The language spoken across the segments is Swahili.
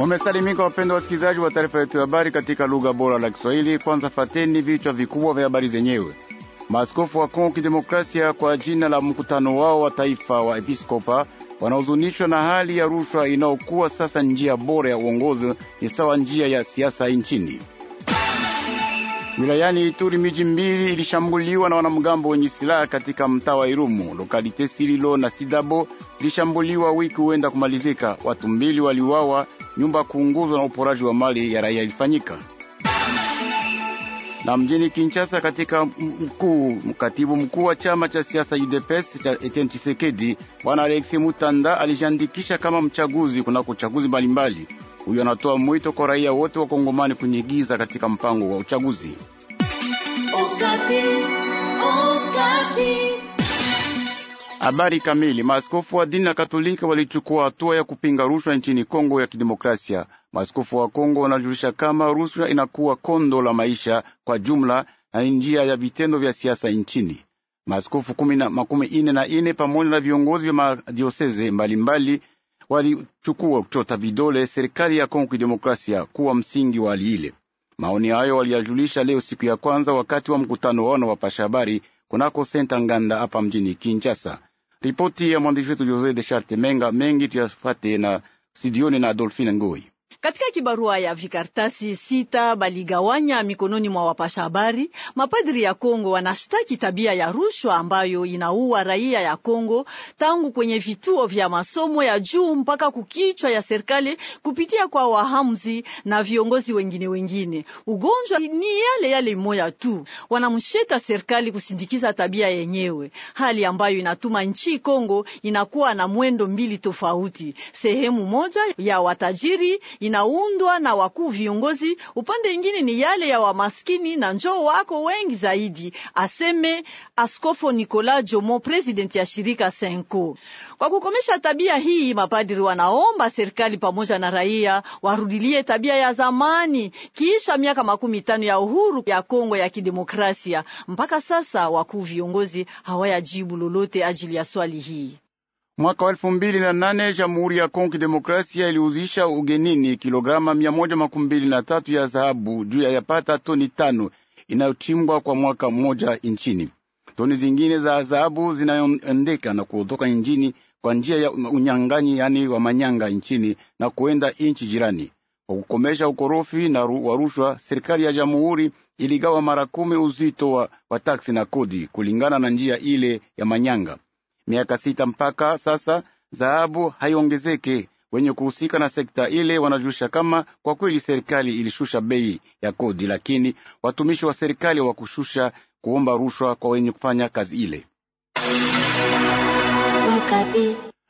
Mumesalimika wapendwa wasikilizaji wa taarifa yetu ya habari katika lugha bora la Kiswahili. Kwanza fateni vichwa vikubwa vya habari zenyewe. Maaskofu wa Kongo Kidemokrasia kwa jina la mkutano wao wa taifa wa episkopa wanahuzunishwa na hali ya rushwa inayokuwa sasa njia bora ya uongozi ni sawa njia ya siasa nchini. Wilayani Ituri miji mbili ilishambuliwa na wanamgambo wenye silaha katika mtaa wa Irumu. Lokalite Sililo na Sidabo ilishambuliwa wiki huenda kumalizika, watu mbili waliuawa, nyumba kuunguzwa na uporaji wa mali ya raia ilifanyika. Na mjini Kinshasa, katika mkuu mkatibu mkuu wa chama cha siasa UDPS cha Etienne Tshisekedi, bwana Alexis Mutanda alijiandikisha kama mchaguzi kunako chaguzi mbalimbali. Huyo anatoa mwito kwa raia wote wa Kongomani kunyigiza katika mpango wa uchaguzi. Habari kamili. Maaskofu wa dini la Katolika walichukua hatua ya kupinga rushwa nchini Kongo ya Kidemokrasia. Maaskofu wa Kongo wanajulisha kama rushwa inakuwa kondo la maisha kwa jumla na njia ya vitendo vya siasa nchini. Maaskofu makumi ine na ine pamoja na viongozi vya madioseze mbalimbali walichukua kuchota vidole serikali ya Kongo Kidemokrasia kuwa msingi wa hali ile. Maoni hayo waliyajulisha leo siku ya kwanza wakati wa mkutano wao na wapasha habari kunako senta Nganda hapa mjini Kinshasa. Ripoti ya mwandishi wetu Jose de Charte Menga mengi tuyafate na studioni na Adolfine Ngoi. Katika kibarua ya vikartasi sita baligawanya mikononi mwa wapasha habari. Mapadri ya Kongo wanashtaki tabia ya rushwa ambayo inaua raia ya Kongo tangu kwenye vituo vya masomo ya juu mpaka kukichwa ya serikali kupitia kwa wahamzi na viongozi wengine wengine. Ugonjwa ni yale yale moya tu, wanamsheta serikali kusindikiza tabia yenyewe, hali ambayo inatuma nchi Kongo inakuwa na mwendo mbili tofauti, sehemu moja ya watajiri inaundwa na wakuu viongozi, upande ingine ni yale ya wamaskini na njoo wako wengi zaidi, aseme Askofo Nicolas Jomo, president ya shirika Senko. Kwa kukomesha tabia hii, mapadri wanaomba serikali pamoja na raia warudilie tabia ya zamani kisha miaka makumi tano ya uhuru ya Kongo ya Kidemokrasia. Mpaka sasa wakuu viongozi hawayajibu lolote ajili ya swali hii. Mwaka wa elfu mbili na nane Jamhuri ya Kongo Demokrasia iliuzisha ugenini kilograma mia moja makumi mbili na tatu ya dhahabu juu ya yapata toni tano inayochimbwa kwa mwaka mmoja nchini. Toni zingine za dhahabu zinayoendeka na kutoka nchini kwa njia ya unyang'anyi, yani wa manyanga nchini na kuenda nchi jirani. Kwa kukomesha ukorofi na warushwa, serikali ya jamhuri iligawa mara kumi uzito wa, wa taksi na kodi kulingana na njia ile ya manyanga miaka sita mpaka sasa dhahabu haiongezeke. Wenye kuhusika na sekta ile wanajulisha kama kwa kweli serikali ilishusha bei ya kodi, lakini watumishi wa serikali wakushusha kuomba rushwa kwa wenye kufanya kazi ile.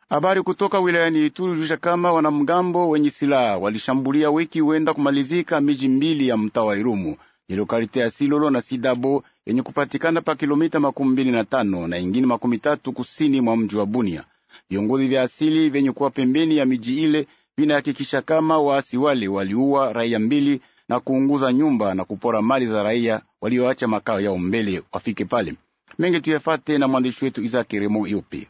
Habari kutoka wilayani Ituri julisha kama wanamgambo wenye silaha walishambulia wiki huenda kumalizika miji mbili ya mtaa wa Irumu, ni lokalite ya Silolo na Sidabo yenye kupatikana pa kilomita makumi mbili na tano na ingine makumi tatu kusini mwa mji wa Bunia. Viongozi vya asili vyenye kuwa pembeni ya miji ile vinahakikisha kama waasi wale waliua raia mbili na kuunguza nyumba na kupora mali za raia walioacha makao yao mbele wafike pale. Mengi tuyafate na mwandishi wetu isaki remo Yope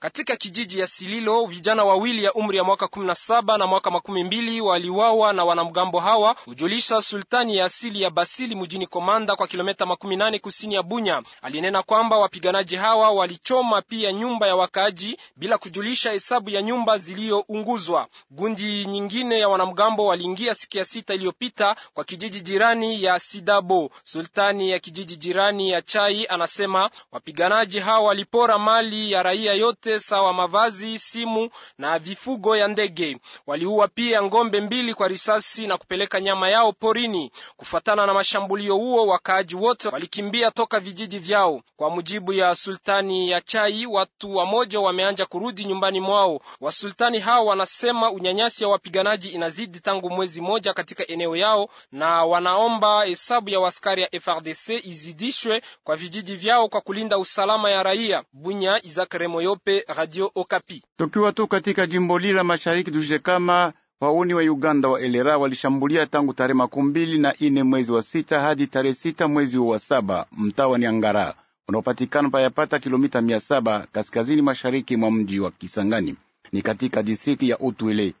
katika kijiji ya Sililo vijana wawili ya umri ya mwaka 17 na mwaka makumi mbili waliwawa na wanamgambo hawa, hujulisha sultani ya asili ya Basili mjini Komanda kwa kilometa makumi nane kusini ya Bunya. Alinena kwamba wapiganaji hawa walichoma pia nyumba ya wakaaji bila kujulisha hesabu ya nyumba ziliyounguzwa. Gundi nyingine ya wanamgambo waliingia siku ya sita iliyopita kwa kijiji jirani ya Sidabo. Sultani ya kijiji jirani ya Chai anasema wapiganaji hawa walipora mali ya raia yote matesa wa mavazi, simu na vifugo ya ndege. Waliua pia ng'ombe mbili kwa risasi na kupeleka nyama yao porini. Kufuatana na mashambulio huo, wakaaji wote walikimbia toka vijiji vyao. Kwa mujibu ya sultani ya Chai, watu wamoja wameanza kurudi nyumbani mwao. Wasultani hao wanasema unyanyasi wa wapiganaji inazidi tangu mwezi moja katika eneo yao, na wanaomba hesabu ya waskari ya FRDC izidishwe kwa vijiji vyao kwa kulinda usalama ya raia. Bunya, Isaac Remoyope, Radio Okapi. Tukiwa tu katika jimbo lile la mashariki tujue kama wauni wa Uganda wa elera walishambulia tangu tarehe makumi mbili na ine mwezi wa sita hadi tarehe sita mwezi wa saba mtawa ni Angara unaopatikana payapata kilomita mia saba kaskazini mashariki mwa mji wa Kisangani ni katika distrikti ya Utwele.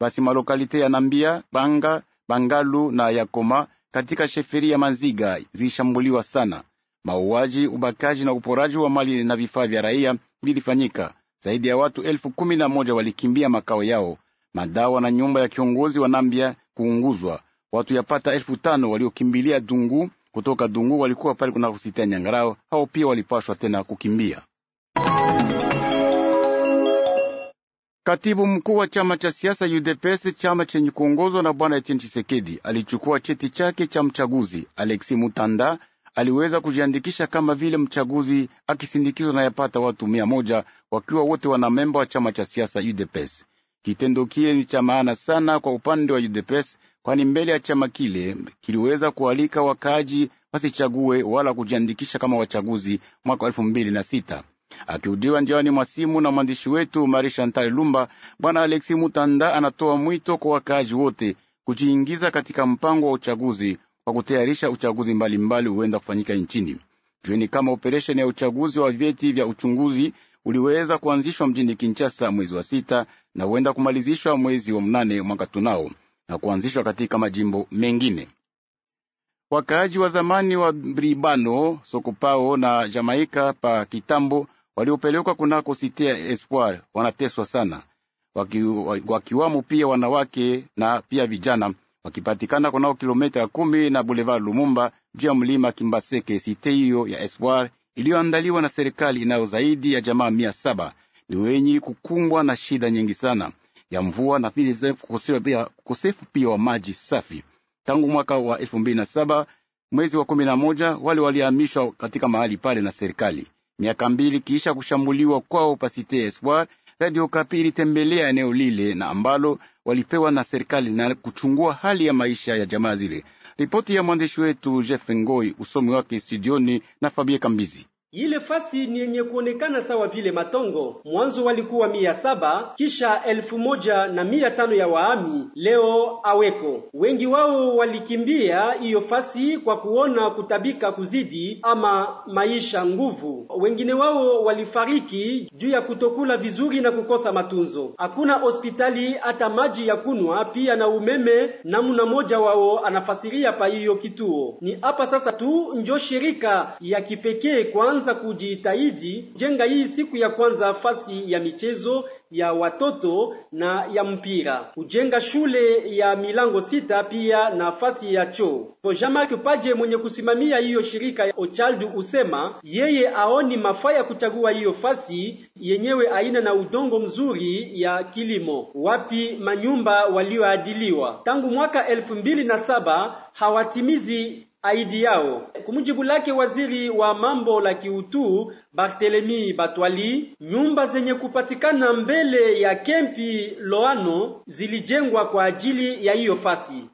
Basi malokalite ya Nambia, Banga, Bangalu na Yakoma katika sheferi ya Maziga zilishambuliwa sana. Mauaji, ubakaji na uporaji wa mali na vifaa vya raia vilifanyika. Zaidi ya watu elfu kumi na moja walikimbia makao yao. Madawa na nyumba ya kiongozi wa Nambia kuunguzwa. Watu yapata elfu tano waliokimbilia Dungu kutoka Dungu walikuwa pale kuna kusitia Nyangarao, hao pia walipashwa tena kukimbia. Katibu mkuu wa chama cha siasa UDPS, chama chenye kuongozwa na bwana Etienne chisekedi alichukua cheti chake cha mchaguzi. Alexi Mutanda aliweza kujiandikisha kama vile mchaguzi akisindikizwa na yapata watu mia moja wakiwa wote wanamemba wa chama cha siasa UDPS. Kitendo kile ni cha maana sana kwa upande wa UDPS, kwani mbele ya chama kile kiliweza kualika wakaaji wasichague wala kujiandikisha kama wachaguzi mwaka elfu mbili na sita. Akiujiwa njiani mwa simu na mwandishi wetu Mari Chantal Lumba, Bwana Aleksi Mutanda anatoa mwito kwa wakaaji wote kujiingiza katika mpango wa uchaguzi kwa kutayarisha uchaguzi mbalimbali huenda kufanyika nchini. Jueni kama operesheni ya uchaguzi wa vyeti vya uchunguzi uliweza kuanzishwa mjini Kinshasa mwezi wa sita na huenda kumalizishwa mwezi wa mnane mwaka tunao na kuanzishwa katika majimbo mengine. Wakaaji wa zamani wa Bribano, Sokopao na Jamaika pa kitambo waliopelekwa kunako Sitea Espoir wanateswa sana, wakiwamo waki pia wanawake na pia vijana wakipatikana kunao kilomita kumi na Boulevard Lumumba juu ya mlima Kimbaseke. Site hiyo ya Espoir iliyoandaliwa na serikali inayo zaidi ya jamaa mia saba ni wenye kukumbwa na shida nyingi sana ya mvua na vile kukosefu pia wa maji safi. Tangu mwaka wa elfu mbili na saba mwezi wa kumi na moja wale walihamishwa katika mahali pale na serikali. Miaka mbili kisha kushambuliwa kwao pasite Espoir Radio Kapi ilitembelea eneo lile na ambalo walipewa na serikali na kuchungua hali ya maisha ya jamaa zile. Ripoti ya mwandishi wetu Jeff Ngoi, usomi wake studioni na Fabie Kambizi. Ile fasi ni yenye kuonekana sawa vile matongo. Mwanzo walikuwa mia saba kisha elfu moja na mia tano ya waami leo aweko. Wengi wao walikimbia hiyo fasi kwa kuona kutabika kuzidi ama maisha nguvu. Wengine wao walifariki juu ya kutokula vizuri na kukosa matunzo. Hakuna hospitali hata maji ya kunwa pia na umeme. Namna moja wao anafasiria pa hiyo kituo ni hapa sasa tu njo shirika ya kipekee kwanza kuanza kujitahidi jenga hii siku ya kwanza fasi ya michezo ya watoto na ya mpira, kujenga shule ya milango sita pia nafasi ya choo. Jean-Marc page mwenye kusimamia hiyo shirika ya Ochaldu usema yeye aoni mafaa ya kuchagua hiyo fasi yenyewe aina na udongo mzuri ya kilimo, wapi manyumba walioadiliwa tangu mwaka elfu mbili na saba hawatimizi aidi yao. Kumujibu lake waziri wa mambo la kiutu Barthelemy Batwali, nyumba zenye kupatikana mbele ya kempi Loano zilijengwa kwa ajili ya hiyo fasi.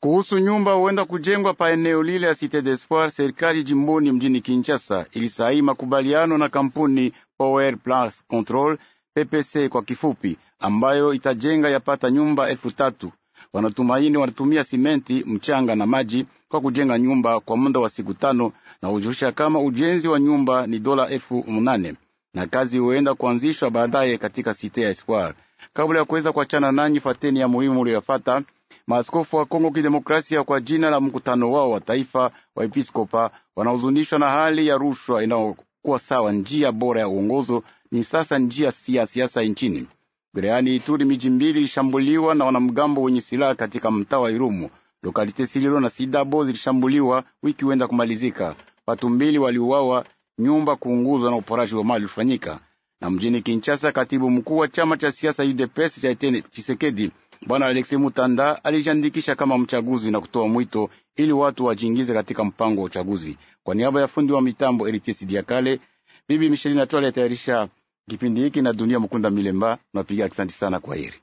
Kuhusu nyumba huenda kujengwa pa eneo lile ya Cite d'Espoir, serikali jimboni mjini Kinshasa ilisaini makubaliano na kampuni Power Plus Control PPC kwa kifupi, ambayo itajenga yapata nyumba elfu tatu. Wanatumaini wanatumia simenti, mchanga na maji kwa kujenga nyumba kwa muda wa siku tano na hujulisha kama ujenzi wa nyumba ni dola elfu munane na kazi huenda kuanzishwa baadaye katika site ya Espoir. Kabla ya kuweza kuachana nanyi, fateni ya muhimu uliyofata maaskofu wa Kongo Kidemokrasia kwa jina la mkutano wao wa taifa wa episkopa wanaozunishwa na hali ya rushwa inayokuwa sawa. Njia bora ya uongozo ni sasa njia ya siasa nchini. Wilayani Ituri, miji mbili ilishambuliwa na wanamgambo wenye silaha katika mtaa wa Irumu. Lokalite Sililo na Sidabo zilishambuliwa wiki huenda kumalizika watu mbili waliuawa, nyumba kuunguzwa na uporaji wa mali ulifanyika. Na mjini Kinshasa, katibu mkuu wa chama cha siasa UDPS cha Etienne Chisekedi Bwana Alexi Mutanda alijiandikisha kama mchaguzi na kutoa mwito ili watu wajiingize katika mpango wa uchaguzi. Kwa niaba ya fundi wa mitambo Eritesi Diakale, bibi Misheli Natoa aliyetayarisha kipindi hiki na Dunia Mukunda Milemba, napiga asanti sana kwa heri.